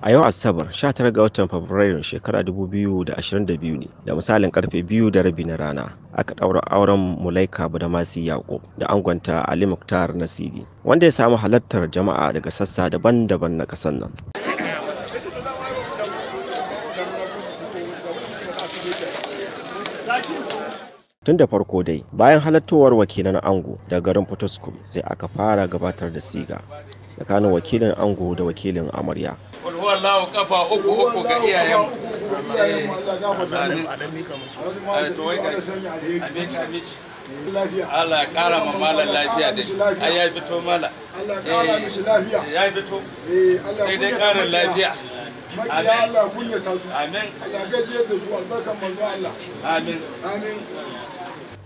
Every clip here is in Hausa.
a yau asabar 19 ga watan fabrairu shekara 2022 ne da misalin karfe biyu da rabi na rana aka ɗaura auren mulaika masu yaƙub da angonta ali muktar nasiri wanda ya samu halartar jama'a daga sassa daban-daban na ƙasar nan tun da farko dai bayan halattowar wakilan ango da garin potoskum sai aka fara gabatar da siga tsakanin wakilin ango da wakilin amarya kafa uku uku ga Allah ya kara ma malam lafiya da shi ai ya fito mala eh, ya fito sai dai karin lafiya amin Allah da su albarkan manzo Allah amin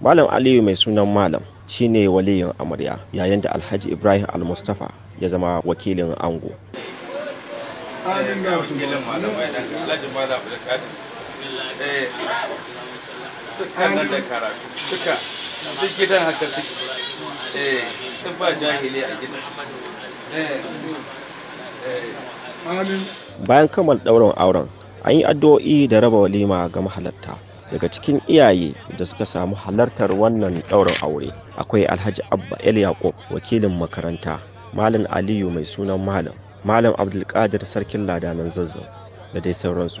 Malam Aliyu mai sunan Malam shine waliyin amarya yayin da Alhaji Ibrahim Al-Mustafa ya zama wakilin ango. Amin eh. a eh. Eh. Amin. bayan kammal ɗaurin auren an yi addu'o'i da raba walima ga mahalarta daga cikin iyaye da suka samu halartar wannan ɗaurin aure akwai alhaji abba el yaqub wakilin makaranta malam aliyu mai sunan malam malam abdulkadir sarkin ladanan zazzau da dai sauransu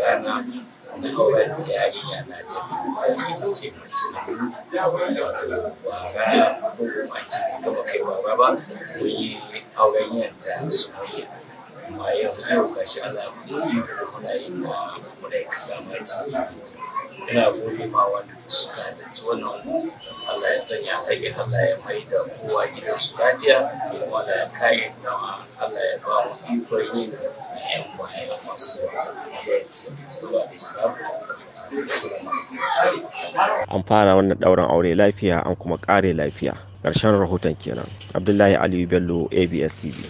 rana na aurar da yarinya na ta biyu da ita ce mace na biyu wato bara ko kuma ce bai gaba kai bara ba mun yi auren yanta su mai amma yau na yau gashi Allah muna yin na muna yi kalama cikin ina gode ma wanda ta suka halarci wannan Allah ya sanya rage Allah ya mai da kowa gidan su lafiya kuma Allah ya Allah ya ba mu ikon yin 'yan baya masu zuwa An fara wannan ɗaurin aure lafiya an kuma ƙare lafiya. Ƙarshen rahoton kenan. Abdullahi Aliyu Bello, ABS TV.